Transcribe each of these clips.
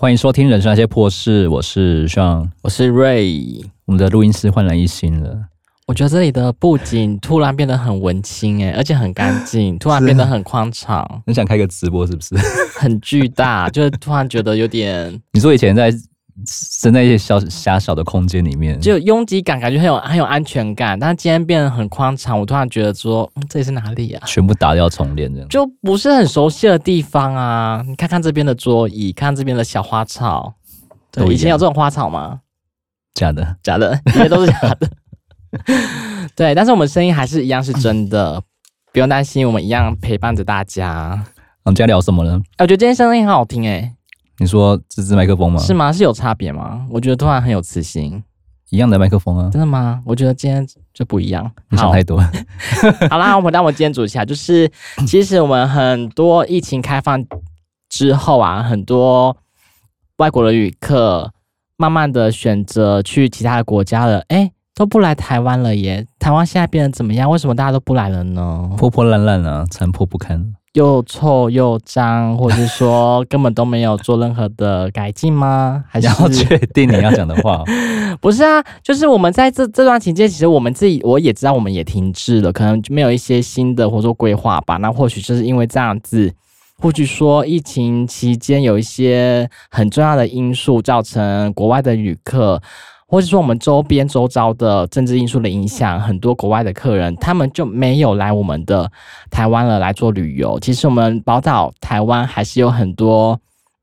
歡迎收聽《人生那些破事》，我是尚，我是 Ray。我們的錄音室煥然一新了，我覺得這裡的布景突然變得很文青誒、欸，而且很乾淨，突然變得很寬敞。你想開個直播是不是？很巨大， 就是突然覺得有點……你說以前在，生在一些小狹小的空間裡面，就擁擠感，感覺很有很有安全感。但是今天變得很寬敞，我突然覺得說，嗯、這裡是哪裡呀、啊？全部打掉重練這樣就不是很熟悉的地方啊。你看看這邊的桌椅，看，看這邊的小花草，對，以前有這種花草嗎？假的，假的，這些 都是假的。 對，但是我們聲音還是一樣是真的，嗯、不用擔心，我們一樣陪伴着大家。我們、嗯、今天聊什麼呢？啊、我覺得今天聲音很好聽、欸，誒。你說這支麥克風嗎？是嗎？是有差別嗎？我覺得突然很有磁性、嗯。一樣的麥克風啊。真的嗎？我覺得今天就不一樣。你想太多。好， 好啦， 我們讓我今天主題一下。就是其實我們很多疫情開放之後啊，很多外國的旅客慢慢的選擇去其他的國家了。哎、欸，都不來台灣了耶！台灣現在變得怎麼樣？為什麼大家都不來了呢？破破爛爛啊，殘破不堪。又臭又髒，或者是說根本都沒有做任何的改進嗎？ 還是要確定你要講的話哦， 不是啊，就是我們在這這段期間，其實我們自己我也知道，我們也停滯了，可能就沒有一些新的或者規劃吧。那或許就是因為這樣子，或許說疫情期間有一些很重要的因素，造成國外的旅客。或者說我們周邊周遭的政治因素的影響，很多國外的客人他們就沒有來我們的台灣了來做旅遊。其實我們寶島台灣還是有很多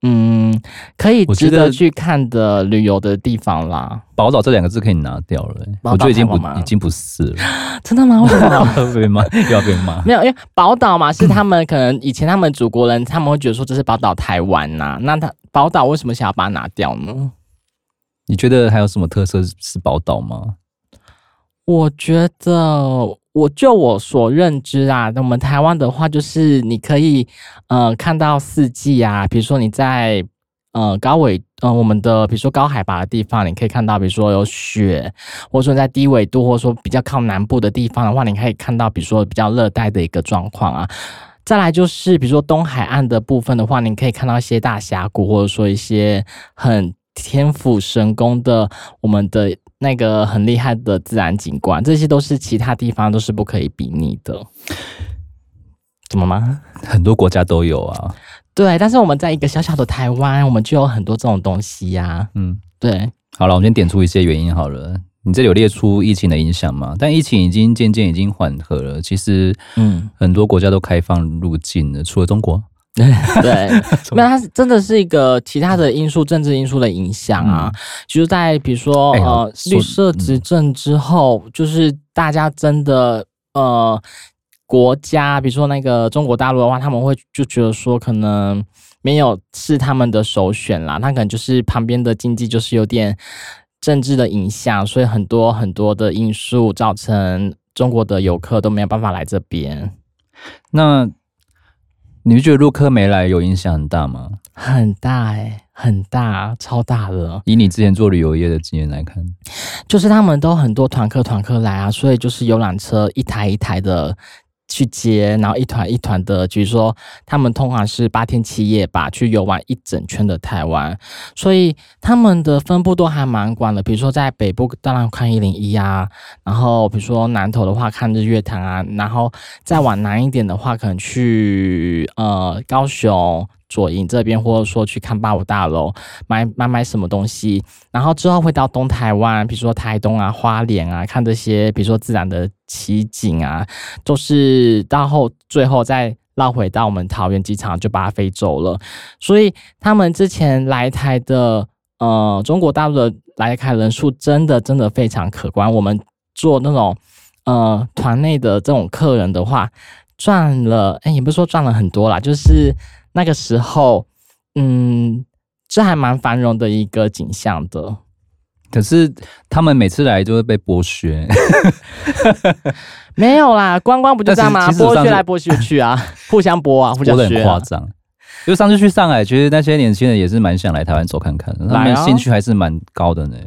嗯可以值得去看的旅遊的地方啦。寶島這兩個字可以拿掉了。欸，我就已經不已經不是了， 真的嗎？為什麼要被罵？又要被罵？沒有，因為寶島嘛，是他們可能以前他們祖國人、嗯、他們會覺得說這是寶島台灣吶。啊，那他寶島為什麼想要把它拿掉呢？你覺得還有什麼特色是寶島嗎？我覺得，我就我所認知啊，我們台灣的話，就是你可以呃看到四季啊，比如說你在呃高緯呃我們的比如說高海拔的地方，你可以看到比如說有雪，或者說在低緯度或者說比較靠南部的地方的話，你可以看到比如說比較熱帶的一個狀況啊。再來就是比如說東海岸的部分的話，你可以看到一些大峽谷，或者說一些很。天斧神工的，我們的那個很厲害的自然景觀，這些都是其他地方都是不可以比擬的。怎麼嗎？很多國家都有啊。對，但是我們在一個小小的台灣，我們就有很多這種東西呀、啊。嗯，對。好了，我們先點出一些原因好了。你這裡有列出疫情的影響嗎？但疫情已經漸漸已經緩和了，其實，嗯，很多國家都開放入境了，除了中國。 對，沒那 麼它是真的是一個其他的因素，政治因素的影響啊，嗯、就是在比如說、哎、呦呃，說嗯、綠色執政之後，就是大家真的呃，國家比如說那個中國大陸的話，他們會就覺得說可能沒有是他們的首選啦，那可能就是旁邊的經濟就是有點政治的影響，所以很多很多的因素造成中國的遊客都沒有辦法來這邊，那。你們覺得陸客沒來有影響很大嗎？很大哎、欸，很大，超大的。以你之前做旅遊業的經驗來看，就是他們都很多團客團客來啊，所以就是遊覽車一台一台的。去接，然後一團一團的，就是說他們通常是八天七夜吧，去遊玩一整圈的台灣，所以他們的分布都還蠻廣的。比如說在北部，當然看一零一啊，然後比如說南投的話，看日月潭啊，然後再往南一點的話，可能去呃高雄，左營這邊，或者說去看八五大樓，買買買什麼東西，然後之後會到東台灣，比如說台東啊、花蓮啊，看這些比如說自然的奇景啊，都是到後最後再繞回到我們桃園機場就把它飛走了。所以他們之前來台的，呃，中國大陸的來台人數真的真的非常可觀。我們做那種呃團內的這種客人的話，賺了，誒、欸，也不是說賺了很多啦，就是。那個時候，嗯，這還蠻繁榮的一個景象的。可是他們每次來就會被剝削， 沒有啦，觀光不就這樣嗎？剝削來剝削去啊，啊、互相剝啊，互相剝。剝得很誇張。因為上次去上海，其實那些年輕人也是蠻想來台灣走看看，他們的興趣還是蠻高的呢。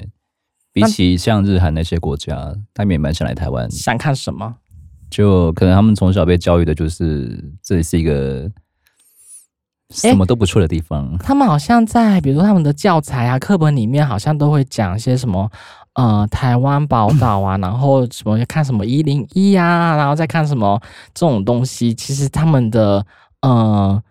比起像日韓那些國家，他們也蠻想來台灣。想看什麼？就可能他們從小被教育的就是，這是一個。什麼都不錯的地方。欸，他們好像在，比如說他們的教材啊、課本裡面，好像都會講一些什麼，呃，台灣寶島啊，然後什麼看什麼一零一呀，然後再看什麼這種東西，其實他們的嗯。呃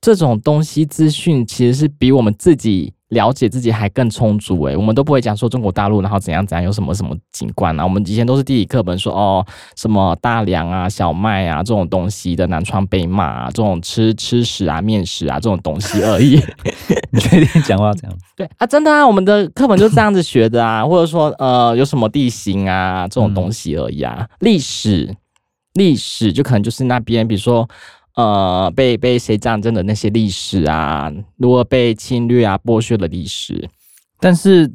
這種東西資訊其實是比我們自己了解自己還更充足誒，我們都不會講說中國大陸，然後怎樣怎樣，有什麼什麼景觀啊，我們以前都是地理課本說哦什麼大梁啊小麥啊這種東西的南川北馬，啊、這種吃吃食啊麵食啊這種東西而已，你確定講話這樣。對啊，真的啊，我們的課本就是這樣子學的啊，或者說呃有什麼地形啊這種東西而已啊，歷史歷史就可能就是那邊比如說。呃，被被誰戰爭的那些歷史啊，如果被侵略啊、剝削的歷史。但是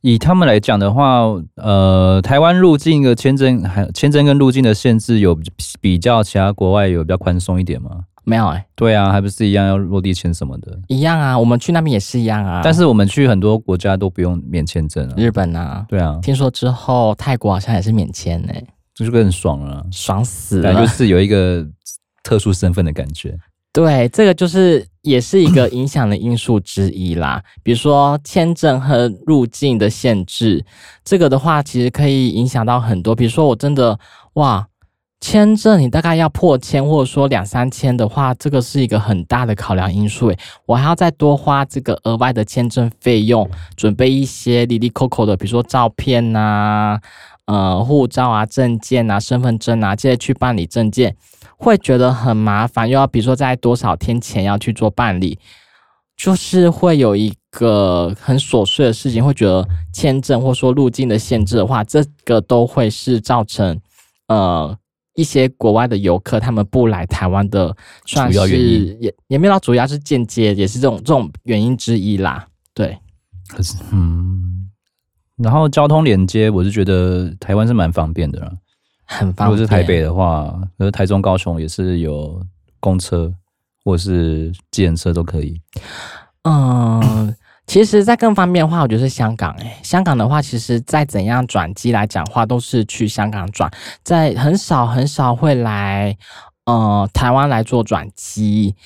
以他們來講的話，呃，台灣入境的簽證還簽證跟入境的限制有比較，其他國外有比較寬鬆一點嗎？沒有哎、欸。對啊，還不是一樣要落地簽什麼的。一樣啊，我們去那邊也是一樣啊。但是我們去很多國家都不用免簽證啊。日本啊。對啊，聽說之後泰國好像也是免簽哎、欸，這就更爽了。爽死了。就是有一個。 特殊身份的感覺，對，這個就是也是一個影響的因素之一啦。 比如說簽證和入境的限制，這個的話其實可以影響到很多。比如說，我真的哇，簽證你大概要破千，或者說兩三千的話，這個是一個很大的考量因素欸。我還要再多花這個額外的簽證費用，準備一些哩哩扣扣的，比如說照片吶、啊。呃，護、嗯、照啊、證件啊、身份證啊，這些去辦理證件會覺得很麻煩，又要比如說在多少天前要去做辦理，就是會有一個很瑣碎的事情，會覺得簽證或說入境的限制的話，這個都會是造成呃一些國外的遊客他們不來台灣的，算是也也沒有說主要是間接，也是這種這種原因之一啦，對，可是嗯。然後交通連接，我是覺得台灣是蠻方便的啦，很方便。如果是台北的話，台中、高雄也是有公車或是自行車都可以。嗯， 其實，在更方便的話，我覺得是香港、欸、香港的話，其實，再怎樣轉機來講話，都是去香港轉，在很少很少會來嗯、呃，台灣來做轉機。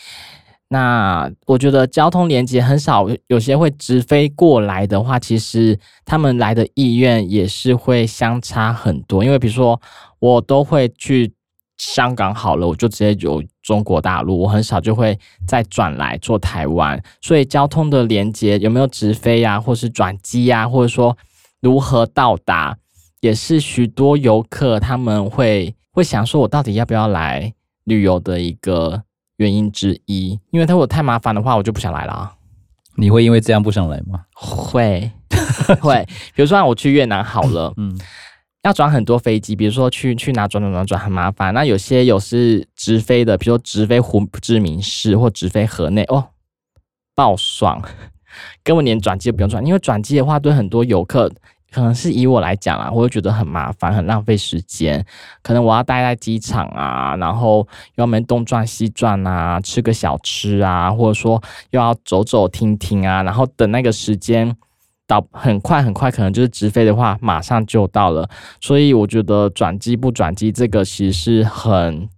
那我覺得交通連接很少，有些會直飛過來的話，其實他們來的意願也是會相差很多。因為比如說，我都會去香港好了，我就直接遊中國大陸，我很少就會再轉來做台灣。所以交通的連接有沒有直飛呀，啊，或是轉機呀，啊，或者說如何到達，也是許多遊客他們會會想說，我到底要不要來旅遊的一個原因之一，因為他如果太麻煩的話，我就不想來了。你會因為這樣不想來嗎？會會，比如說我去越南好了， 嗯，要轉很多飛機，比如說去去哪轉轉轉轉很麻煩。那有些有是直飛的，比如說直飛胡志明市或直飛河內，哦，爆爽，根本連轉機都不用轉，因為轉機的話對很多遊客。可能是以我來講啊，我會覺得很麻煩，很浪費時間。可能我要待在機場啊，然後要麼東轉西轉啊，吃個小吃啊，或者說又要走走停停啊，然後等那個時間到很快很快，可能就是直飛的話馬上就到了。所以我覺得轉機不轉機這個其實是很，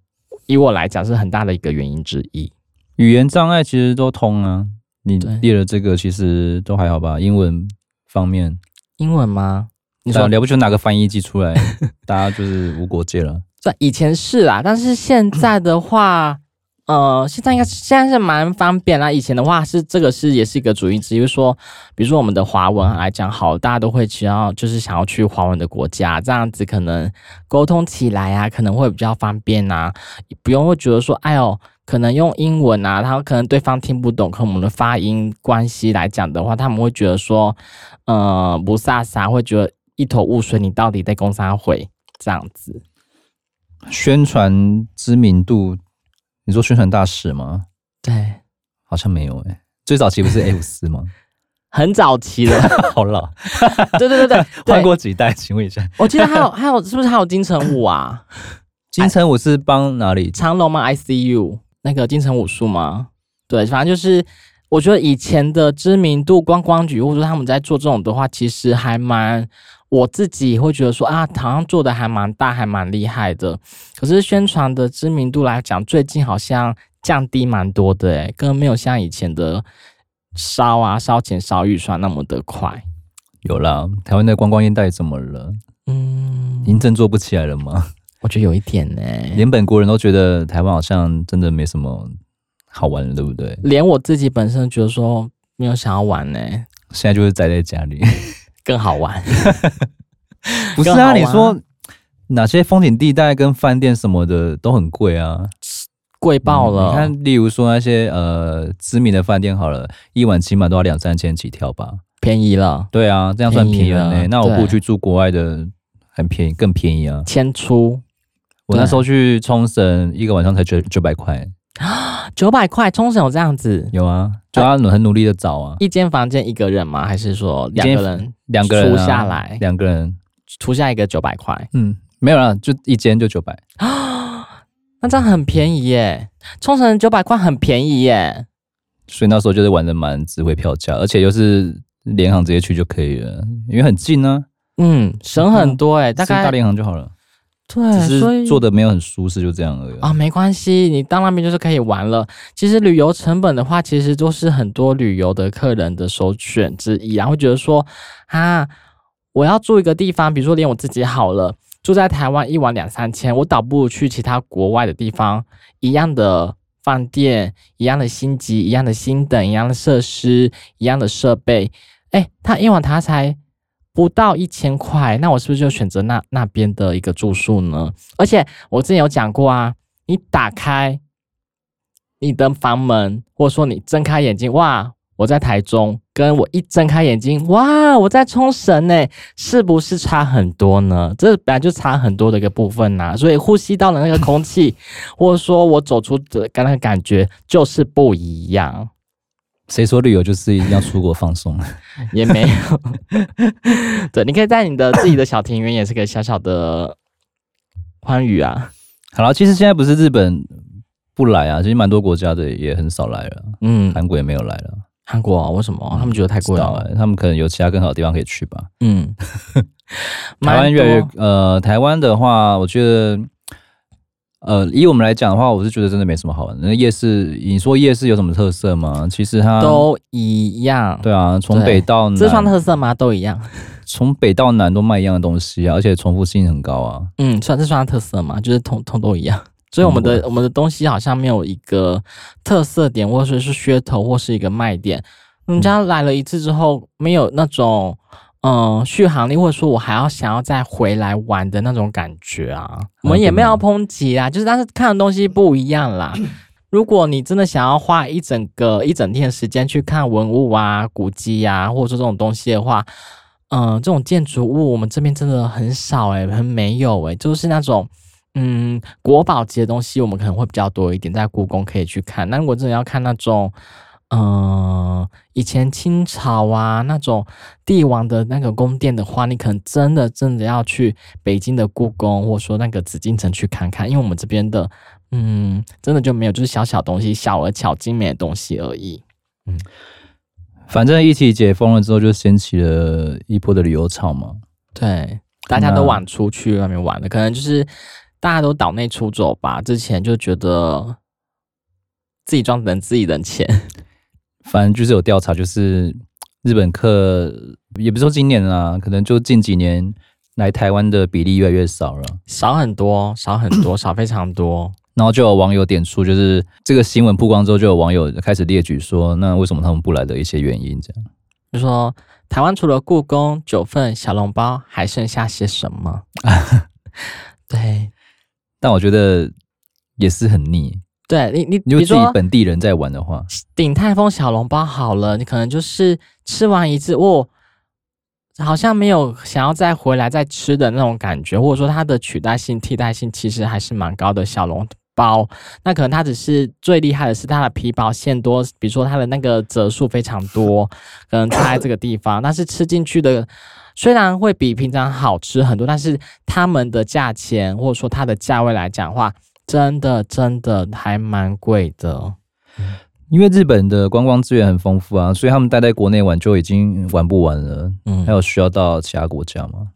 以我來講是很大的一個原因之一。語言障礙其實都通啊，你列了這個其實都還好吧，英文方面。英文嗎？你說了不起，拿個翻譯機出來， 大家就是無國界了。在以前是啦、啊，但是現在的話，呃，現在應該現在是蠻方便啦。以前的話是這個是也是一個主因，就是說，比如說我們的華文、啊、來講，好，大家都會只要就是想要去華文的國家，這樣子可能溝通起來啊，可能會比較方便啊，不用會覺得說，哎呦。可能用英文啊，他可能對方聽不懂。可能我們的發音關係來講的話，他們會覺得說，呃，不颯颯，會覺得一頭霧水。你到底在公啥會這樣子？宣傳知名度，你說宣傳大使嗎？對，好像沒有哎、欸。最早期不是 A54 嗎？ 很早期的， 好老。 對對對對，換過幾代，請問一下。我記得還有還有，是不是還有金城武啊？金城武是幫哪裡？哎、長隆嗎？I see you。那個金城武術嗎？對，反正就是，我覺得以前的知名度觀光局，或者說他們在做這種的話，其實還蠻，我自己會覺得說啊，他好像做的還蠻大，還蠻厲害的。可是宣傳的知名度來講，最近好像降低蠻多的，哎，根本沒有像以前的燒啊燒錢燒預算那麼的快。有了，台灣的觀光業到底怎麼了？嗯，已經振作不起來了嗎？我覺得有一點呢、欸，連本國人都覺得台灣好像真的沒什麼好玩的，對不對？連我自己本身覺得說沒有想要玩呢、欸，現在就是宅在，在家裡，更好玩。 好玩不是啊，你說哪些風景地帶跟飯店什麼的都很貴啊，貴爆了。嗯、你看，例如說那些呃知名的飯店，好了一晚起碼都要兩三千起跳吧，便宜了。對啊，這樣算便宜了。宜了欸、那我過去住國外的，很便宜，更便宜啊，千出。我那時候去沖繩，一個晚上才九九百塊啊！九百塊，沖繩有這樣子？有啊，就要很努力的找啊！一間房間一個人嗎、啊？還是說兩個人兩個人租下來？兩個人租下一個九百塊？嗯，沒有啊，就一間就九百啊！那這樣很便宜耶，沖繩九百塊很便宜耶！所以那時候就是玩的蠻值回票價，而且又是廉航直接去就可以了，因為很近呢、啊。嗯，省很多哎，嗯、是大概大廉航就好了。對，所以做的沒有很舒適，就這樣而已啊、哦。沒關係，你到那邊就是可以玩了。其實旅遊成本的話，其實都是很多旅遊的客人的首選之一。然後覺得說啊，我要住一個地方，比如說連我自己好了，住在台灣一晚兩三千，我倒不如去其他國外的地方，一樣的飯店，一樣的星級，一樣的星等，一樣的設施，一樣的設備。哎、欸，他一晚他才。不到一千塊，那我是不是就選擇那那邊的一個住宿呢？而且我之前有講過啊，你打開你的房門，或者說你睜開眼睛，哇，我在台中；跟我一睜開眼睛，哇，我在沖繩呢，是不是差很多呢？這本來就差很多的一個部分吶、啊，所以呼吸到了那個空氣， 或者說我走出的，剛那個感覺就是不一樣。誰說旅遊就是一定要出國放鬆？ 也沒有。 對，你可以在你的自己的小庭院，也是個小小的歡愉啊。好了，其實現在不是日本不來啊，其實蠻多國家的也很少來了。嗯，韓國也沒有來了。韓國啊，為什麼？他們覺得太貴了，了，他們可能有其他更好的地方可以去吧。嗯，台灣越來越……呃，台灣的話，我覺得。呃，以我們來講的話，我是覺得真的沒什麼好玩。那夜市，你說夜市有什麼特色嗎？其實它都一樣。對啊，從北到南，這算特色嗎？都一樣。從北到南都賣一樣的東西啊，而且重複性很高啊。嗯，算這算特色嗎？就是統統都一樣。所以我們的、嗯、我們的東西好像沒有一個特色點，或者是噱頭，或是一個賣點。人家來了一次之後，沒有那種。嗯，續航力，或者說，我還要想要再回來玩的那種感覺啊，我們也沒有要抨擊啊， 就是但是看的東西不一樣啦。如果你真的想要花一整個一整天時間去看文物啊、古蹟呀、啊，或者說這種東西的話，嗯，這種建築物我們這邊真的很少誒、欸，很沒有誒、欸。就是那種嗯國寶級的東西，我們可能會比較多一點，在故宮可以去看。那如果真的要看那種，嗯、呃，以前清朝啊那種帝王的那個宮殿的話，你可能真的真的要去北京的故宮，或者說那個紫禁城去看看。因為我們這邊的，嗯，真的就沒有，就是小小東西，小而巧精美的東西而已。嗯，反正一起解封了之後，就掀起了一波的旅遊潮嘛。對，大家都往出去外面、嗯啊、玩的，可能就是大家都島內出走吧。之前就覺得自己賺的自己的錢。反正就是有調查，就是日本客也不是說今年啊，可能就近幾年來台灣的比例越來越少了，少很多，少很多， 少非常多。然後就有網友點出，就是這個新聞曝光之後，就有網友開始列舉說，那為什麼他們不來的一些原因這樣？就是說台灣除了故宮、九份、小籠包，還剩下些什麼？ 對，但我覺得也是很膩。對你，你你，自己本地人在玩的話，鼎泰豐小籠包好了，你可能就是吃完一次，哦，好像沒有想要再回來再吃的那種感覺，或者說它的取代性、替代性其實還是蠻高的。小籠包，那可能它只是最厲害的是它的皮薄餡多，比如說它的那個褶數非常多，可能在這個地方。 但是吃進去的雖然會比平常好吃很多，但是他們的價錢或者說它的價位來講的話。真的，真的還蠻貴的。因為日本的觀光資源很豐富啊，所以他們待在國內玩就已經玩不完了。嗯，還有需要到其他國家嗎？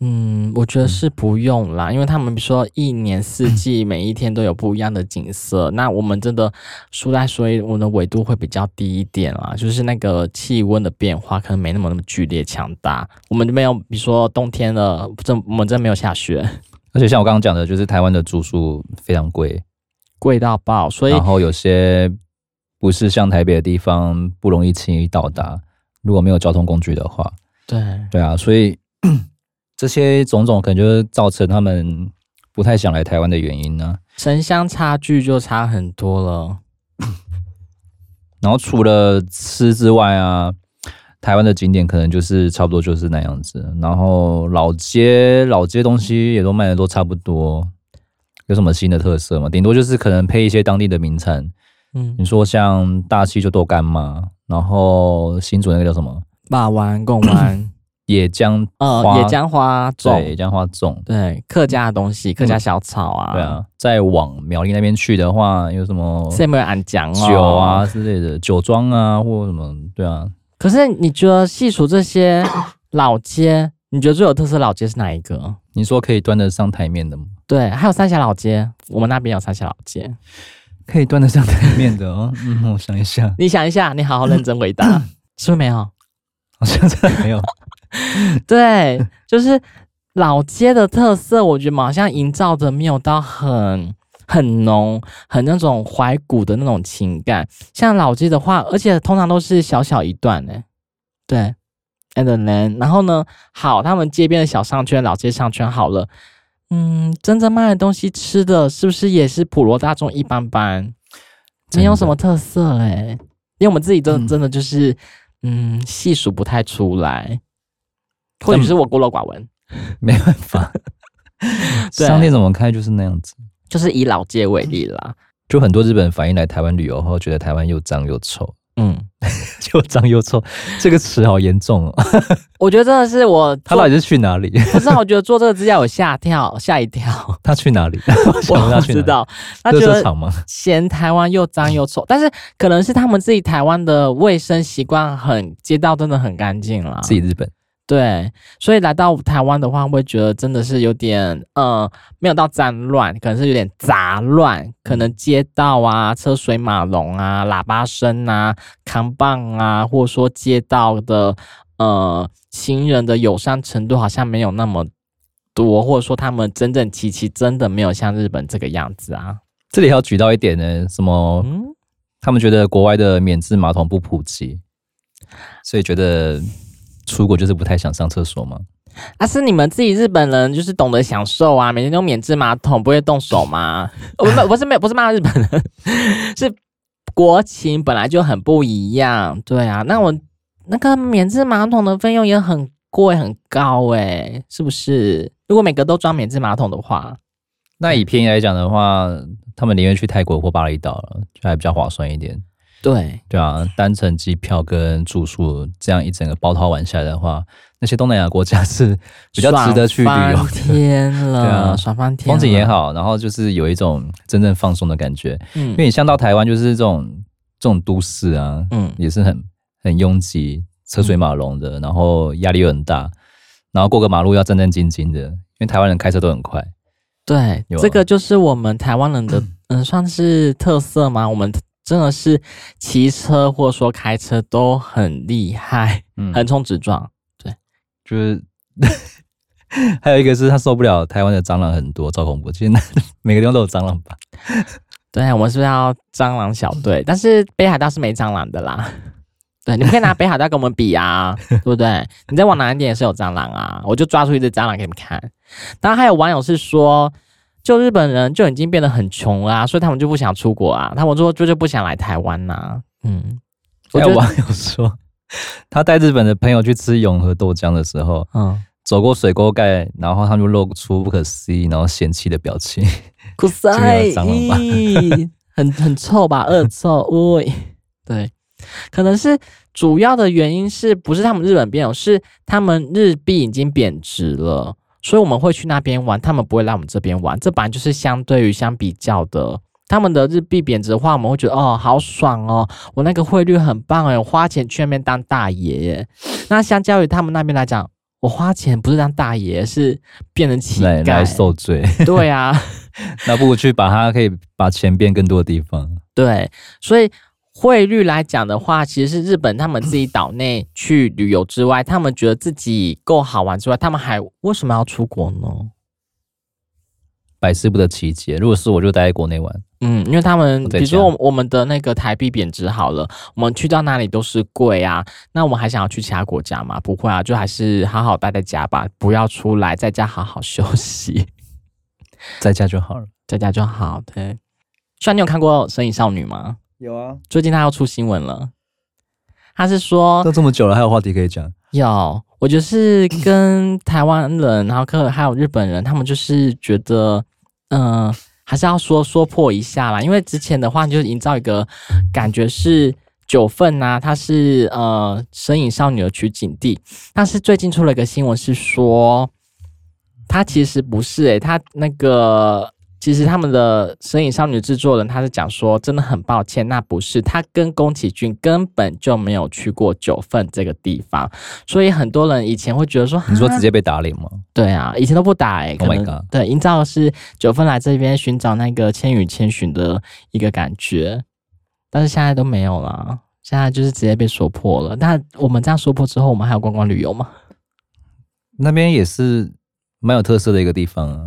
嗯，我覺得是不用啦，因為他們比如說一年四季每一天都有不一樣的景色。嗯，那我們真的說來說去，我們的緯度會比較低一點啊，就是那個氣溫的變化可能沒那麼那麼劇烈強大。我們這邊有，比如說冬天了，不我們真的沒有下雪。而且像我剛剛講的，就是台灣的住宿非常貴，貴到爆。所以然後有些不是像台北的地方不容易輕易到達，如果沒有交通工具的話，對對啊，所以這些種種可能就是造成他們不太想來台灣的原因呢。城鄉差距就差很多了，然後除了吃之外啊。台灣的景點可能就是差不多就是那樣子，然後老街老街東西也都賣的都差不多，有什麼新的特色嗎？頂多就是可能配一些當地的名產，嗯，你說像大溪就豆乾嘛，然後新竹那個叫什麼？霸彎、貢丸、野薑啊，野薑花粽，野薑花粽，對，客家的東西，客家小炒啊，對啊。再往苗栗那邊去的話，有什麼？三杯暗漿酒啊之類的，酒莊啊或什麼，對啊。可是你覺得細數這些老街，你覺得最有特色的老街是哪一個？你說可以端得上台面的嗎？對，還有三峽老街，我們那邊有三峽老街，可以端得上台面的哦。 嗯，我想一下，你想一下，你好好認真回答， 是不是沒有？好像真的沒有。對，就是老街的特色，我覺得好像營造的沒有到很。很濃，很那種懷古的那種情感，像老街的話，而且通常都是小小一段，欸，哎，對，and then，然後呢，好，他們街邊的小商圈，老街商圈，好了，嗯，真正賣的東西吃的是不是也是普羅大眾一般般，沒的有什麼特色，欸，誒，因為我們自己真的真的就是，嗯，細數、嗯、不太出來，麼或許是我孤陋寡聞，沒辦法，商 店怎麼開就是那樣子。就是以老街為例啦，就很多日本人反映來台灣旅遊後，覺得台灣又髒又臭。嗯， 又髒又臭這個詞好嚴重哦，喔。 我覺得真的是我，我他到底是去哪裡？ 我知道，我覺得做這個指甲我嚇跳，嚇一跳。他去哪裡？ 他哪裡我不知道。垃圾場嗎？嫌台灣又髒又臭， 但是可能是他們自己台灣的衛生習慣很，街道真的很乾淨啦。自己日本。對，所以來到台灣的話，我會覺得真的是有點，嗯、呃，沒有到戰亂，可能是有點雜亂，可能街道啊，車水馬龍啊，喇叭聲啊，扛棒啊，或者說街道的，呃，行人的友善程度好像沒有那麼多，或者說他們整整齊齊，真的沒有像日本這個樣子啊。這裡要舉到一點呢，什麼？嗯，他們覺得國外的免治馬桶不普及，所以覺得。出國就是不太想上廁所嗎？啊，是你們自己日本人就是懂得享受啊，每天用免治馬桶不會動手嗎？我們、 哦、不是沒不是罵日本人， 是國情本來就很不一樣。對啊，那我那個免治馬桶的費用也很貴很高誒，是不是？如果每個都裝免治馬桶的話，那以便宜來講的話， 他們寧願去泰國或巴厘島了，就還比較划算一點。對對啊，單程機票跟住宿這樣一整個包套玩下來的話，那些東南亞國家是比較值得去旅遊的。爽翻天了， 對啊、爽翻天！風景也好，然後就是有一種真正放鬆的感覺。嗯，因為你像到台灣，就是這種這種都市啊，嗯，也是很很擁擠、車水馬龍的，嗯、然後壓力又很大，然後過個馬路要戰戰兢兢的，因為台灣人開車都很快。對，有有這個就是我們台灣人的嗯、呃，算是特色嗎？我們。真的是騎車或者說開車都很厲害，橫衝、嗯、直撞，對，就是。 還有一個是他受不了台灣的蟑螂，很多，超恐怖。其實每個地方都有蟑螂吧？對，我們是不是要蟑螂小隊？是，但是北海道是沒蟑螂的啦。對，你可以拿北海道跟我們比啊， 對不對？你再往南一點也是有蟑螂啊。我就抓出一隻蟑螂給你們看。當然還有網友是說。就日本人就已經變得很窮啊，所以他們就不想出國啊，他們說就就不想來台灣吶、啊。嗯，我有網友說，他帶日本的朋友去吃永和豆漿的時候，嗯，走過水溝蓋，然後他們就露出不可思議，然後嫌棄的表情，哇塞，很很臭吧，惡臭 喂。對，可能是主要的原因是不是他們日本變窮，是他們日幣已經貶值了。所以我們會去那邊玩，他們不會來我們這邊玩。這本來就是相對於相比較的，他們的日幣貶值的話，我們會覺得哦，好爽哦，我那個匯率很棒哎，我花錢去那邊當大爺。那相較於他們那邊來講，我花錢不是當大爺，是變成乞丐受罪。對啊， 那不如去把它可以把錢變更多的地方。對，所以。匯率來講的話，其實是日本他們自己島內去旅遊之外，他們覺得自己夠好玩之外，他們還為什麼要出國呢？百思不得其解。如果是我就待在國內玩。嗯，因為他們比如說我們我們的那個台幣貶值好了，我們去到哪裡都是貴啊。那我們還想要去其他國家嗎？不會啊，就還是好好待在家吧，不要出來，在家好好休息， 在家就好了，在家就好。對，雖然你有看過《神隱少女》嗎？有啊，最近他又出新聞了。他是說都這麼久了，還有話題可以講。有，我就是跟台灣人，然後可能還有日本人，他們就是覺得，嗯、呃，還是要說說破一下啦。因為之前的話就營造一個感覺是九份吶，他是呃神隱少女的取景地。但是最近出了一個新聞，是說他其實不是、欸，誒，他那個。其實他們的《神隱少女》製作人，他是講說，真的很抱歉，那不是他跟宮崎駿根本就沒有去過九份這個地方，所以很多人以前會覺得說，你說直接被打臉嗎？對啊，以前都不打哎、欸 oh，對，營造的是九份來這邊尋找那個《千與千尋》的一個感覺，但是現在都沒有了，現在就是直接被說破了。那我們這樣說破之後，我們還有觀光旅遊嗎？那邊也是蠻有特色的一個地方啊。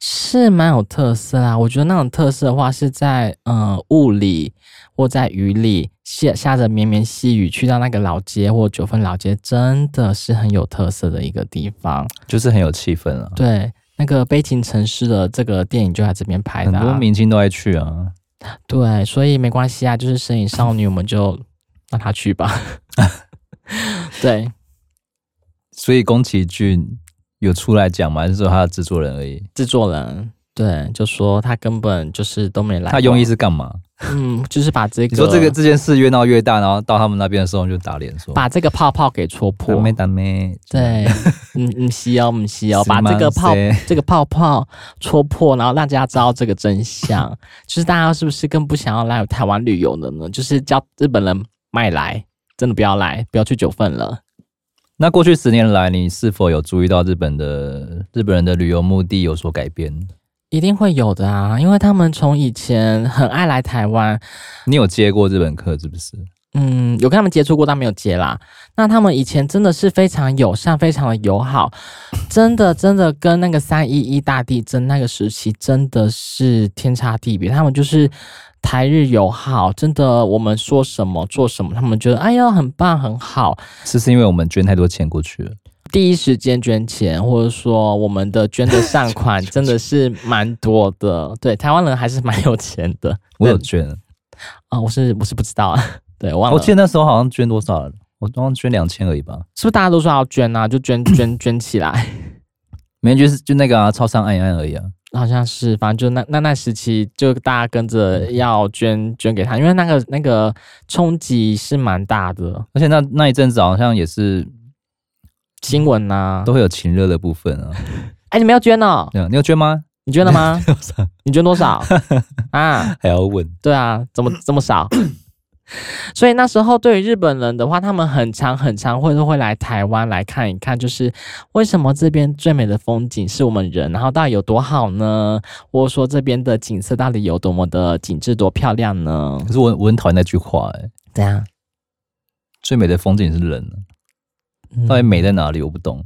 是蠻有特色啊。我覺得那種特色的話，是在呃霧裡或在雨裡下下着綿綿細雨，去到那個老街或九份老街，真的是很有特色的一個地方，就是很有氣氛啊。對，那個《悲情城市》的這個電影就在這邊拍的，啊，很多明星都愛去啊。對，所以沒關係啊，就是神隱少女，我們就讓他去吧。 對，所以宮崎駿。有出來講嗎？還、就是說他的制作人而已？制作人，對，就說他根本就是都沒來。他用意是幹嘛？嗯，就是把這個，你說這個這件事越鬧越大，然後到他們那邊的時候就打臉說，把這個泡泡給戳破。我沒打沒。對，嗯 嗯，西歐、喔，西歐、喔， 把這個泡，這個泡泡戳破，然後讓大家知道這個真相。其實 大家是不是更不想要來台灣旅遊的呢？就是叫日本人賣來，真的不要來，不要去九份了。那過去十年來，你是否有注意到日本的日本人的旅遊目的有所改變？一定會有的啊，因為他們從以前很愛來台灣。你有接過日本客是不是？嗯，有跟他們接觸過，但沒有接啦。那他們以前真的是非常友善，非常的友好，真的真的跟那個三一一大地震那個時期真的是天差地別。他們就是。台日友好，真的，我們說什麼做什麼，他們覺得哎呀，很棒，很好。是是因為我們捐太多錢過去了，第一時間捐錢，或者說我們的捐的善款真的是蠻多的。 對，台灣人還是蠻有錢的。我有捐啊、呃，我是我是不知道啊，對，我忘了。我記得那時候好像捐多少了，我好像捐兩千而已吧。是不是大家都說要捐啊？就捐捐 捐起來。沒人捐是就那個啊，超商按一按而已啊。好像是，反正就那那那時期，就大家跟着要捐，捐給他，因為那個那個衝擊是蠻大的，而且那那一陣子好像也是新聞吶、啊嗯，都會有情熱的部分啊。哎、欸，你們要捐哦、喔？你要捐嗎？你捐了嗎？ 你捐多少 啊？還要問？對啊，怎麼這麼少？ 所以那時候，對於日本人的話，他們很常、很常會都會來台灣來看一看，就是為什麼這邊最美的風景是我們人，然後到底有多好呢？或者說這邊的景色到底有多麼的景緻、多漂亮呢？可是我很我很討厭那句話、欸，哎，怎樣？最美的風景是人，到底美在哪裡？我不懂。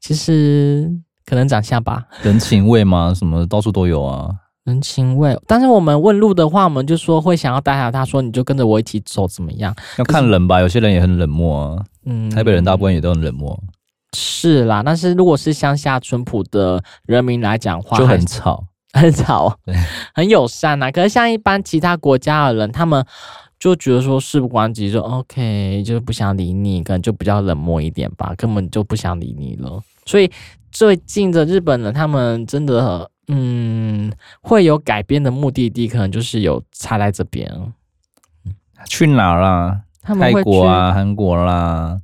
其實、嗯就是、可能長相吧，人情味嗎？ 什麼到處都有啊。人情味，但是我們問路的話，我們就說會想要帶下他說，你就跟着我一起走怎麼樣？要看人吧，是有些人也很冷漠啊。嗯，台北人大部分也都很冷漠。是啦，但是如果是鄉下淳樸的人民來講話，就很吵，是很吵，對很友善吶。可是像一般其他國家的人，他們就覺得說事不關己，就 OK，就是不想理你，可能就比較冷漠一點吧，根本就不想理你了。所以最近的日本人，他們真的很。嗯，會有改變的目的地，可能就是有差在這邊。去哪兒啦？泰國啊，韓國啦，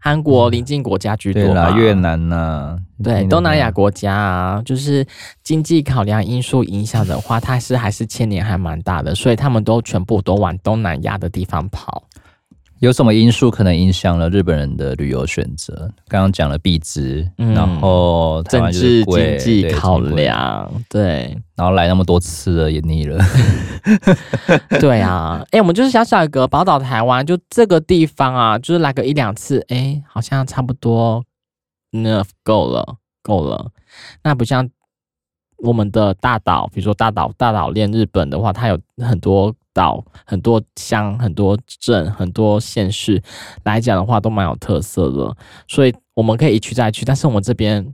韓國鄰近國家居多吧、嗯？越南吶、啊，對，南東南亞國家啊，就是經濟考量因素影響的話，它是還是牽連還蠻大的，所以他們都全部都往東南亞的地方跑。有什麼因素可能影響了日本人的旅遊選擇？剛剛講了幣值，嗯、然後政治經濟對考量，對，對然後來那麼多次了也膩了， 對啊，哎、欸，我們就是小小一個寶島台灣，就這個地方啊，就是來個一兩次，哎、欸，好像差不多，那夠了，夠了。那不像我們的大島，比如說大島、大島練日本的話，它有很多。到很多鄉、很多鎮、很多縣市來講的話，都蠻有特色的，所以我們可以一去再去。但是我們這邊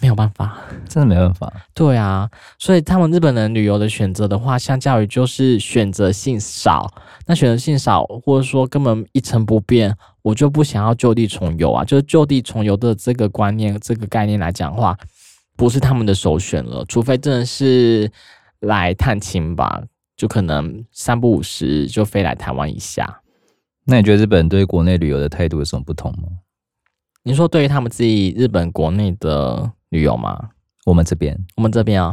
沒有辦法，真的沒辦法。對啊，所以他們日本人旅遊的選擇的話，相較於就是選擇性少，那選擇性少或者說根本一成不變，我就不想要就地重遊啊。就是就地重遊的這個觀念、這個概念來講的話，不是他們的首選了。除非真的是來探親吧。就可能三不五時就飛來台灣一下，那你覺得日本對於國內旅遊的態度有什麼不同嗎？你說對於他們自己日本國內的旅遊嗎？我們這邊，我們這邊啊、喔，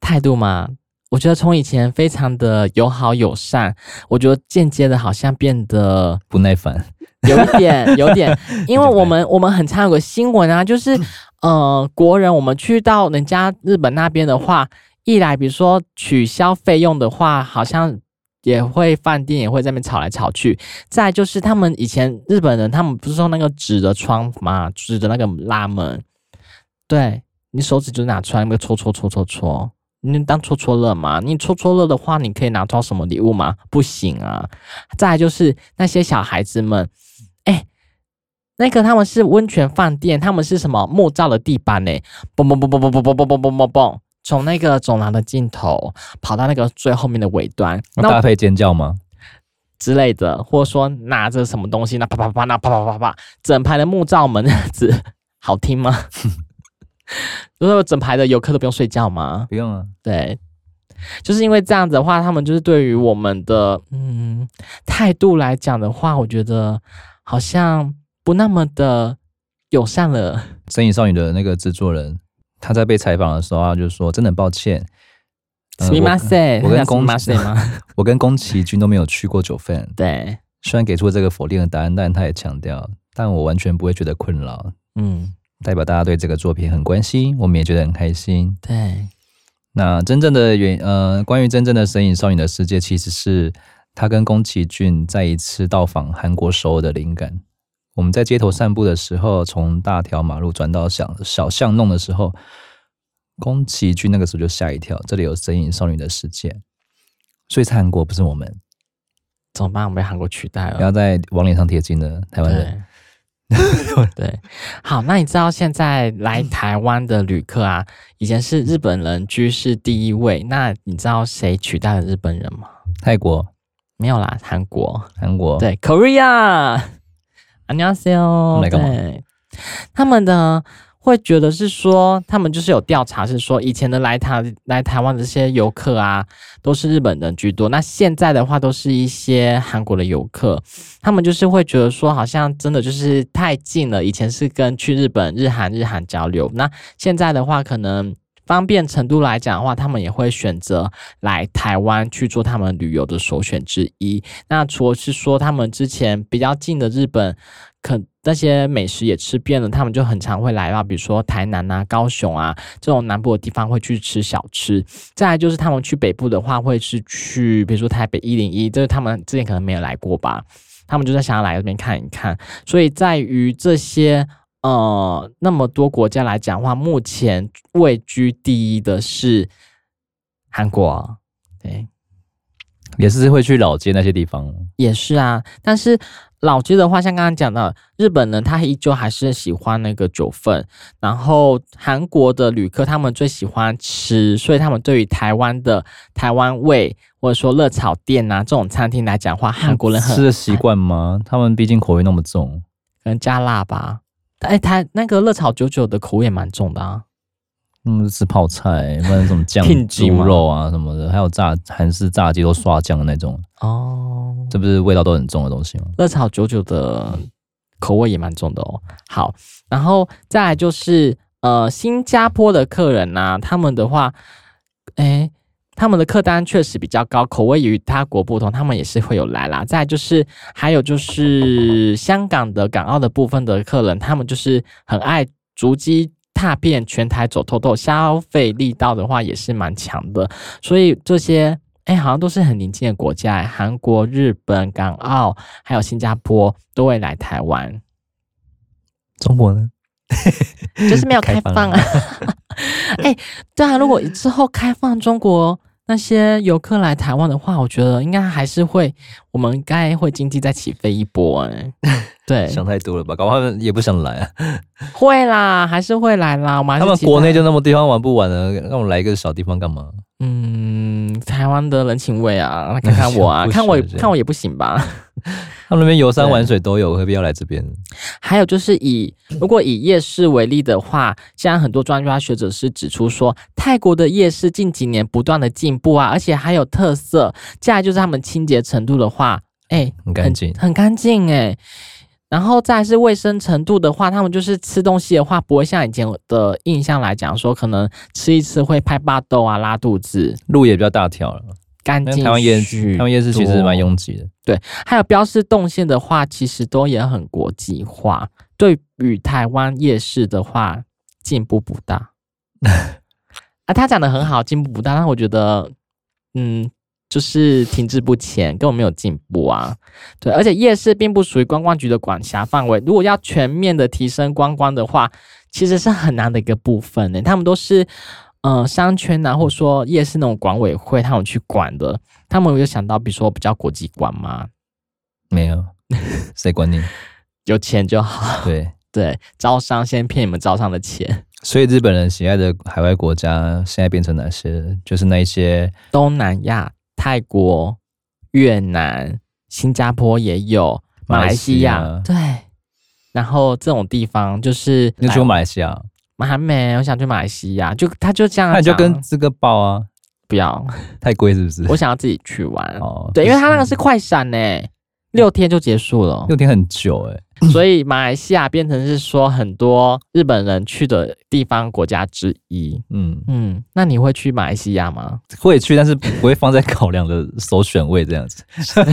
態度嘛，我覺得從以前非常的友好友善，我覺得間接的好像變得不耐煩，有一點，有點，因為我們我們很常有個新聞啊，就是呃，國人我們去到人家日本那邊的話。一來，比如說取消費用的話，好像也會飯店也會在那邊吵來吵去。再就是他們以前日本人，他們不是說那個紙的窗嘛，紙的那個拉門，對你手指就拿出來那個搓搓搓搓搓，你能當搓搓樂嘛？你搓搓樂的話，你可以拿裝什麼禮物嗎？不行啊！再就是那些小孩子們，哎，那個他們是溫泉飯店，他們是什麼木造的地板嘞？蹦嘣嘣嘣嘣嘣嘣嘣嘣嘣嘣嘣。從那個走廊的盡頭跑到那個最後面的尾端，那大家可以尖叫嗎？之類的，或者說拿着什麼東西，那啪啪啪，那啪啪啪啪，整排的木罩門那樣子，好聽嗎？就是 整排的遊客都不用睡覺嗎？不用啊，對，就是因為這樣子的話，他們就是對於我們的嗯態度來講的話，我覺得好像不那麼的友善了。《身影少女》的那個製作人。他在被採訪的時候啊，他就說：“真的很抱歉，呃、我跟我跟宮 崎駿都沒有去過九份。 對，雖然給出了這個否定的答案，但他也強調，但我完全不會覺得困擾。嗯，代表大家對這個作品很關心，我們也覺得很開心。對，那真正的原呃，關於真正的《神隱少女》的世界，其實是他跟宮崎駿再一次到訪韓國首爾的靈感。”我們在街頭散步的時候，從大條馬路轉到小小巷弄的時候，宮崎駿那個時候就嚇一跳。這裡有《神隱少女》的世界，所以是韓國不是我們？怎麼辦？我們被韓國取代了？不要再往臉上貼金了，台灣人。對， 對，好。那你知道現在來台灣的旅客啊，以前是日本人居士第一位，那你知道誰取代了日本人嗎？泰國沒有啦，韓國，韓國對，Korea。安尼阿西哦，Hello, 對，他們呢會覺得是說，他們就是有調查是說，以前的來台來台灣的這些遊客啊，都是日本人居多，那現在的話都是一些韓國的遊客，他們就是會覺得說，好像真的就是太近了，以前是跟去日本、日韓、日韓交流，那現在的話可能。方便程度來講的話，他們也會選擇來台灣去做他們旅遊的首選之一。那除了是說他們之前比較近的日本，可那些美食也吃遍了，他們就很常會來到，比如說台南啊、高雄啊這種南部的地方會去吃小吃。再來就是他們去北部的話，會是去比如說台北一零一，就是他們之前可能沒有來過吧，他們就在想要來這邊看一看。所以在於這些。呃，那麼多國家來講的話，目前位居第一的是韓國，對，也是會去老街那些地方。也是啊，但是老街的話，像剛剛講的日本人，他依舊還是喜歡那個九份。然後韓國的旅客他們最喜歡吃，所以他們對於台灣的台灣味或者說熱炒店吶、啊、這種餐廳來講話，韓國人很吃的習慣嗎？他們畢竟口味那麼重，可能、嗯、加辣吧。哎，他、欸、那個熱炒九九的口味也蠻重的啊，嗯，吃泡菜不然什麼醬豬肉啊什麼的，還有炸韓式炸雞都刷醬的那種哦，這不是味道都很重的東西嗎？熱炒九九的口味也蠻重的哦。好，然後再來就是呃，新加坡的客人吶、啊，他們的話，哎、欸。他們的客單確實比較高，口味與他國不同，他們也是會有來啦。再來就是，還有就是香港的港澳的部分的客人，他們就是很愛足跡踏遍全台走透透，消費力道的話也是蠻強的。所以這些哎、欸，好像都是很鄰近的國家、欸，韓國、日本、港澳，還有新加坡都會來台灣。中國呢？ 就是沒有開放啊。誒 當、欸、啊，如果之後開放中國。那些遊客來台灣的話，我覺得應該還是會，我們應該會經濟再起飛一波哎。對，想太多了吧？搞不好他們也不想來啊。會啦，還是會來啦。我們還是他們國內就那麼地方玩不完了，讓我來一個小地方幹嘛？嗯。台灣的人情味啊，來看看我啊，看我，樣看我也不行吧。他們那邊遊山玩水都有，對何必要來這邊？還有就是以如果以夜市為例的話，現在很多專家學者是指出說，泰國的夜市近幾年不斷的進步啊，而且還有特色。接下來就是他們清潔程度的話，誒、欸，很乾淨、欸，很乾淨，哎。然後再是衛生程度的話，他們就是吃東西的話，不會像以前的印象來講說，說可能吃一次會拍巴豆啊、拉肚子。路也比較大條，乾淨。台灣夜市，台灣夜市其實蠻擁擠的。對，還有標示動線的話，其實都也很國際化。對於台灣夜市的話，進步不大。 啊，他講得很好，進步不大。但我覺得，嗯。就是停滯不前，根本沒有進步啊！對，而且夜市並不屬於觀光局的管轄範圍。如果要全面的提升觀光的話，其實是很難的一個部分呢。他們都是，呃，商圈吶，啊，或說夜市那種管委會他們去管的。他們有想到，比如說我比較國際館嗎？沒有，誰管你？ 有錢就好。對對，招商先騙你們招商的錢。所以日本人喜愛的海外國家現在變成哪些？就是那些東南亞。泰國、越南、新加坡也有，馬來西亞，來西亞對。然後這種地方就是，你去過馬來西亞？還沒，我想去馬來西亞。就他就這樣，那就跟這個報啊，不要太貴是不是？我想要自己去玩哦，對，是因為他那個是快閃呢、欸。六天就結束了，六天很久哎、欸，所以馬來西亞變成是說很多日本人去的地方國家之一。嗯嗯，那你會去馬來西亞嗎？會去，但是不會放在考量的首選位這樣子。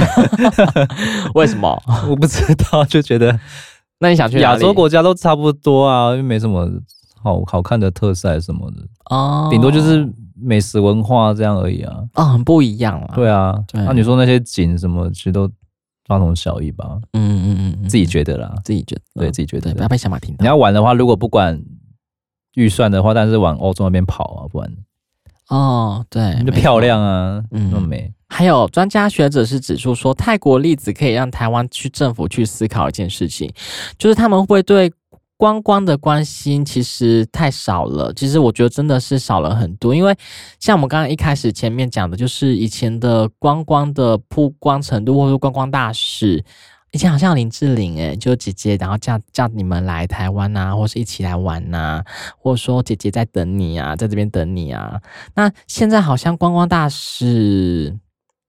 為什麼？我不知道，就覺得那你想去亞洲國家都差不多啊，又沒什麼好好看的特色什麼的哦，頂多就是美食文化這樣而已啊。啊、哦，很不一樣啊。對啊，那對、啊、你說那些景什麼其實都。大同小異吧，嗯嗯嗯自己覺得啦，自己覺得、嗯，對自己覺得，不要被小馬聽到。你要玩的話，如果不管預算的話，但是往歐洲那邊跑啊，不然哦，對，就漂亮啊，嗯，那麼美。還有專家學者是指出說，泰國例子可以讓台灣去政府去思考一件事情，就是他們會對觀光的關心其實太少了，其實我覺得真的是少了很多。因為像我們剛剛一開始前面講的，就是以前的觀光的曝光程度，或者觀光大使，以前好像林志玲誒，就姐姐，然後叫叫你們來台灣吶，或是一起來玩吶，或者說姐姐在等你啊，在這邊等你啊。那現在好像觀光大使。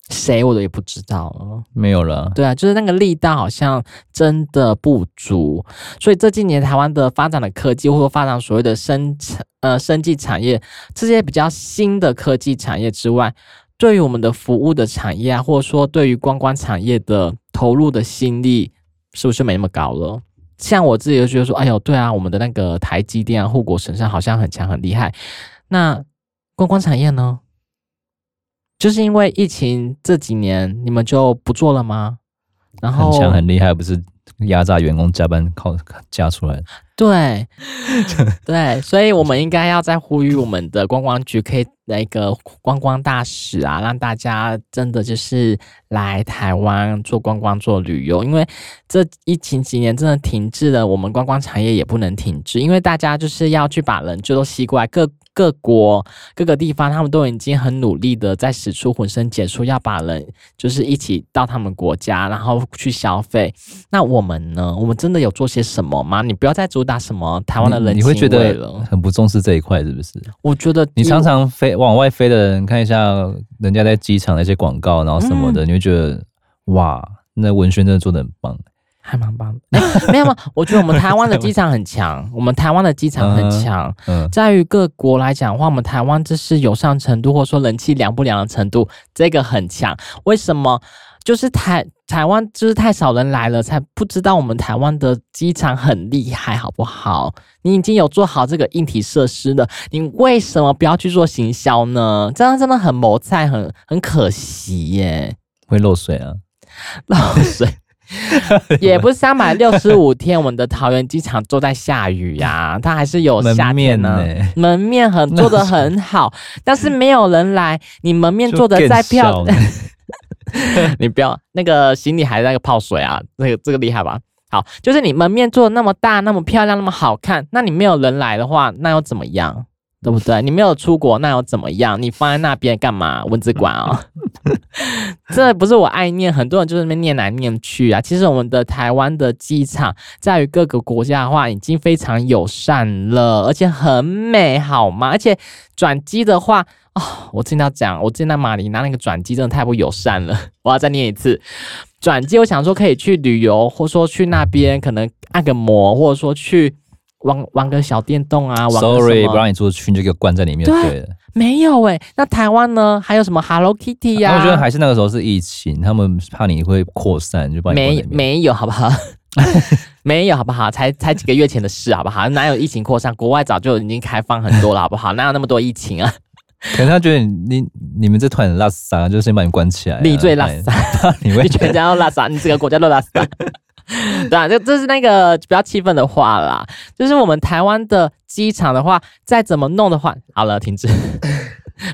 誰我都也不知道了，沒有了。對啊，就是那個力道好像真的不足，所以這幾年台灣的發展的科技，或者發展所謂的生產呃生技產業這些比較新的科技產業之外，對於我們的服務的產業啊，或者說對於觀光產業的投入的心力，是不是沒那麼高了？像我自己就覺得說，哎呦，對啊，我們的那個台積電啊、護國神山好像很強很厲害，那觀光產業呢？就是因為疫情這幾年，你們就不做了嗎？然後，很強很厲害，不是壓榨員工加班靠加出來的。對， 對，所以我們應該要再呼籲我們的觀光局可以。那個觀光大使啊，讓大家真的就是來台灣做觀光做旅遊，因為這疫情幾年真的停滯了，我們觀光產業也不能停滯，因為大家就是要去把人就都吸過來，各各國各個地方他們都已經很努力的在使出渾身解數要把人就是一起到他們國家，然後去消費。那我們呢？我們真的有做些什麼嗎？你不要再主打什麼台灣的人情味了你，你會覺得很不重視這一塊，是不是？我覺得你常常非。往外飛的人，看一下人家在機場那些廣告，然後什麼的，嗯、你會覺得哇，那文宣真的做得很棒，還蠻棒的。 沒有嗎？我覺得我們台灣的機場很強，灣我們台灣的機場很強。 嗯嗯、在於各國來講的話，我們台灣這是友善程度，或者說人氣涼不涼的程度，這個很強。為什麼？就是台台灣就是太少人來了，才不知道我們台灣的機場很厲害，好不好？你已經有做好這個硬體設施了，你為什麼不要去做行銷呢？這樣真的很謀財，很很可惜耶。會漏水啊？漏水 也不是三百六十五天，我們的桃園機場都在下雨呀、啊，它還是有下、啊、麵呢、欸，門面很做的很好，是但是沒有人來，你門面做的再漂亮。 你不要那個行李還在那個泡水啊，那個這個厲害吧？好，就是你門面做的那麼大，那麼漂亮，那麼好看，那你沒有人來的話，那又怎麼樣？對不對？你沒有出國，那又怎麼樣？你放在那邊幹嘛？蚊子館啊、哦！這 不是我愛念，很多人就是那邊念來念去啊。其實我們的台灣的機場，在於各個國家的話，已經非常友善了，而且很美好嘛。而且轉機的話哦，我之前要講，我之前在馬尼拿那個轉機真的太不友善了。我要再念一次轉機，我想說可以去旅遊，或說去那邊可能按個摩，或者說去。玩玩個小電動啊，玩個什麼？Sorry，不讓你出去，你就給關在裡面。對，對了沒有哎、欸。那台灣呢？還有什麼 Hello Kitty 呀、啊？我、啊、覺得還是那個時候是疫情，他們怕你會擴散，就把你關在裡面。沒沒有，好不好？ 沒有，好不好？才才幾個月前的事，好不好？哪有疫情擴散？國外早就已經開放很多了，好不好？哪有那麼多疫情啊？可能他覺得你你們這團很垃圾，就先把你關起來、啊。你最垃圾，哎、 你全家都垃圾，你整個國家都垃圾。 對啊，就這是那個比較氣憤的話啦。就是我們台灣的機場的話，再怎麼弄的話，好了，停止，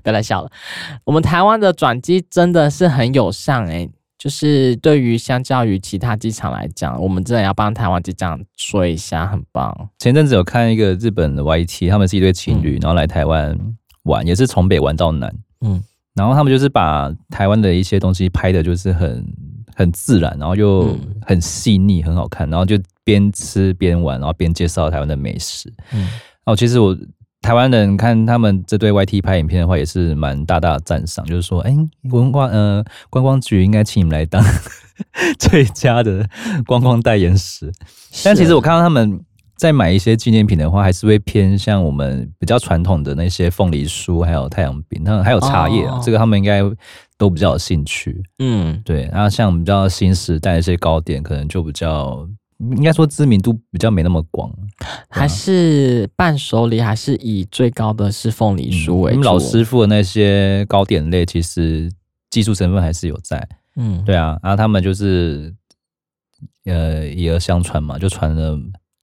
不要再， 笑了。我們台灣的轉機真的是很友善哎、欸，就是對於相較於其他機場來講，我們真的要幫台灣機場說一下，很棒。前陣子有看一個日本的 Y T，他們是一對情侶，嗯、然後來台灣玩，也是從北玩到南，嗯，然後他們就是把台灣的一些東西拍的，就是很。很自然，然後又很細膩，很好看，然後就邊吃邊玩，然後邊介紹台灣的美食。嗯、哦，其實我台灣人看他們這對 Y T 拍影片的話，也是蠻大大的讚賞，就是說，哎，文化呃觀光局應該請你們來當最佳的觀光代言使。是但其實我看到他們。再買一些紀念品的話，還是會偏向我們比較傳統的那些鳳梨酥，還有太陽餅，那還有茶葉、啊哦哦哦、這個他們應該都比較有興趣。嗯，對。然、啊、後像我們比較新時代的一些糕點，可能就比較應該說知名度比較沒那麼廣。啊、還是伴手禮，還是以最高的是鳳梨酥為主。嗯、們老師傅的那些糕點類，其實技術成分還是有在。嗯，對啊。然、啊、後他們就是呃，以訛相傳嘛，就傳了。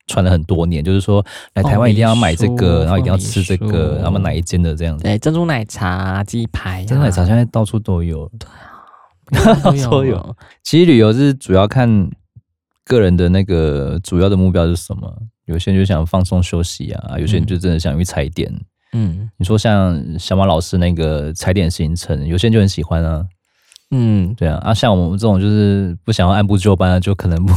穿了很多年，就是說來台灣一定要買這個，哦、然後一定要吃這個，說說然後買一間的這樣子。誒珍珠奶茶、雞排、啊，珍珠奶茶現在到處都有。對啊，到處、啊、有。 都有。其實旅遊是主要看個人的那個主要的目標是什麼？有些人就想放鬆休息啊，有些人就真的想去踩點。嗯，你說像小馬老師那個踩點行程，有些人就很喜歡啊。嗯，對啊。啊，像我們這種就是不想要按部就班的，就可能不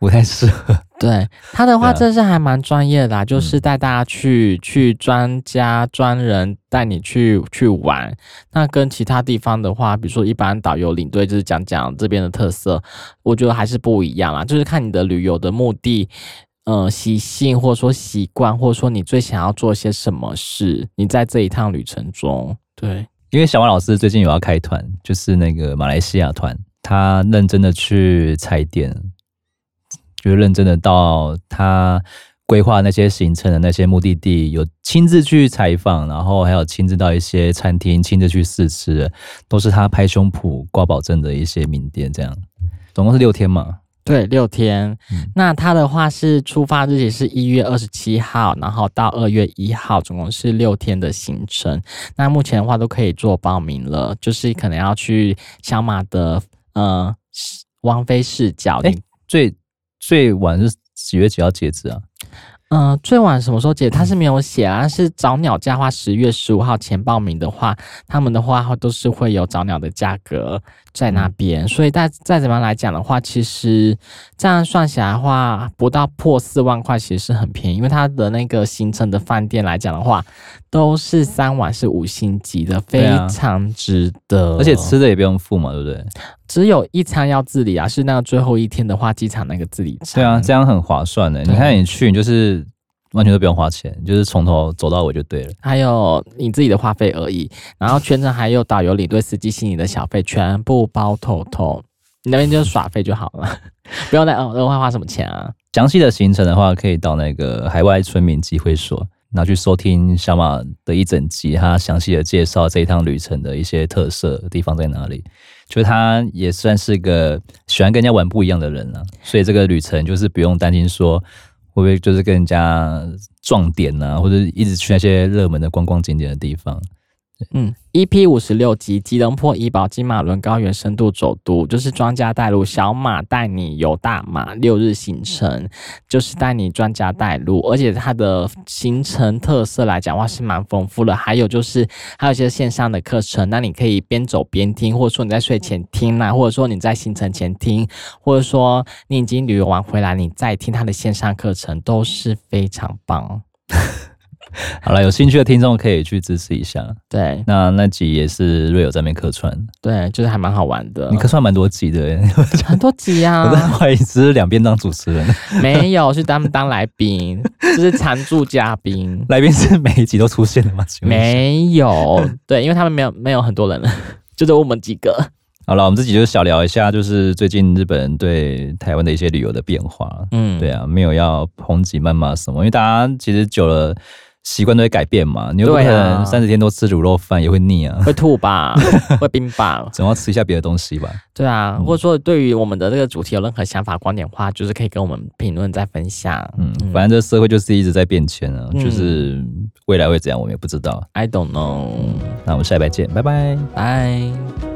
不太適合。對，他的話，真是還蠻專業的，嗯、就是帶大家去去專家專人帶你去去玩。那跟其他地方的話，比如說一般導遊領隊就是講講這邊的特色，我覺得還是不一樣啊，就是看你的旅遊的目的、嗯、呃、習性或者說習慣，或者說你最想要做些什麼事，你在這一趟旅程中，對，因為小王老師最近有要開團，就是那個馬來西亞團，他認真的去踩點。就認真的到他規劃那些行程的那些目的地，有親自去採訪，然後還有親自到一些餐廳，親自去試吃，都是他拍胸脯掛保證的一些名店。這樣，總共是六天嘛？對，六天。嗯、那他的話是出發日期是一月二十七號，然後到二月一號，總共是六天的行程。那目前的話都可以做報名了，就是可能要去小馬的呃王菲視角最。欸最晚是幾月幾號截止啊？嗯、呃，最晚什麼時候截？他是沒有寫啊。是早鳥價的話，十月十五號前報名的話，他們的話都是會有早鳥的價格。在那邊，所以再再怎麼來講的話，其實這樣算起來的話，不到破四萬塊，其實是很便宜。因為它的那個行程的飯店來講的話，都是三晚是五星級的，對啊，非常值得。而且吃的也不用付嘛，對不對？只有一餐要自理啊，是那個最後一天的話，機場那個自理餐。對啊，這樣很划算的。對你看，你去你就是。完全都不用花錢，就是從頭走到尾就對了。還有你自己的花費而已，然後全程還有導遊、領隊、司機、行李的小費全部包頭頭，你那邊就是耍費就好了， 不用再額外、哦、花什麼錢啊？詳細的行程的話，可以到那個海外村民集會所，然後去收聽小馬的一整集，他詳細的介紹這一趟旅程的一些特色地方在哪裡。就他也算是個喜歡跟人家玩不一樣的人了，啊，所以這個旅程就是不用擔心說會不會就是跟人家撞點啊，或者一直去那些熱門的觀光景點的地方？嗯，EP 五十六集吉隆坡、怡保、金馬倫高原深度走讀，就是專家帶路，小馬帶你遊大馬。六日行程就是帶你專家帶路，而且它的行程特色來講話是蠻豐富的。還有就是還有一些線上的課程，那你可以邊走邊聽，或者說你在睡前聽啦，或者說你在行程前聽，或者說你已經旅遊完回來你再聽他的線上課程都是非常棒。 好了，有興趣的聽眾可以去支持一下。對，那那集也是瑞友在那邊客串，對，就是還蠻好玩的。你客串蠻多集的，對，很多集啊！我在懷疑，只是兩邊當主持人，沒有，是他們當來賓，就 是常駐嘉賓。來賓是每一集都出現的嗎？沒有，對，因為他們沒有沒有很多人了， 就只有我們幾個。好了，我們這集就小聊一下，就是最近日本人對台灣的一些旅遊的變化。嗯，對啊，沒有要抨擊謾罵什麼，因為大家其實久了。習慣都會改變嘛，你有可能三十天都吃滷肉飯也會膩啊，啊、會吐吧， 會冰吧， 總要吃一下別的東西吧。對啊，嗯、或者說對於我們的這個主題有任何想法、觀點的話，就是可以跟我們評論再分享。嗯，嗯、反正這個社會就是一直在變遷啊，嗯、就是未來會怎樣，我們也不知道。I don't know。嗯、那我們下禮拜見，拜拜，拜。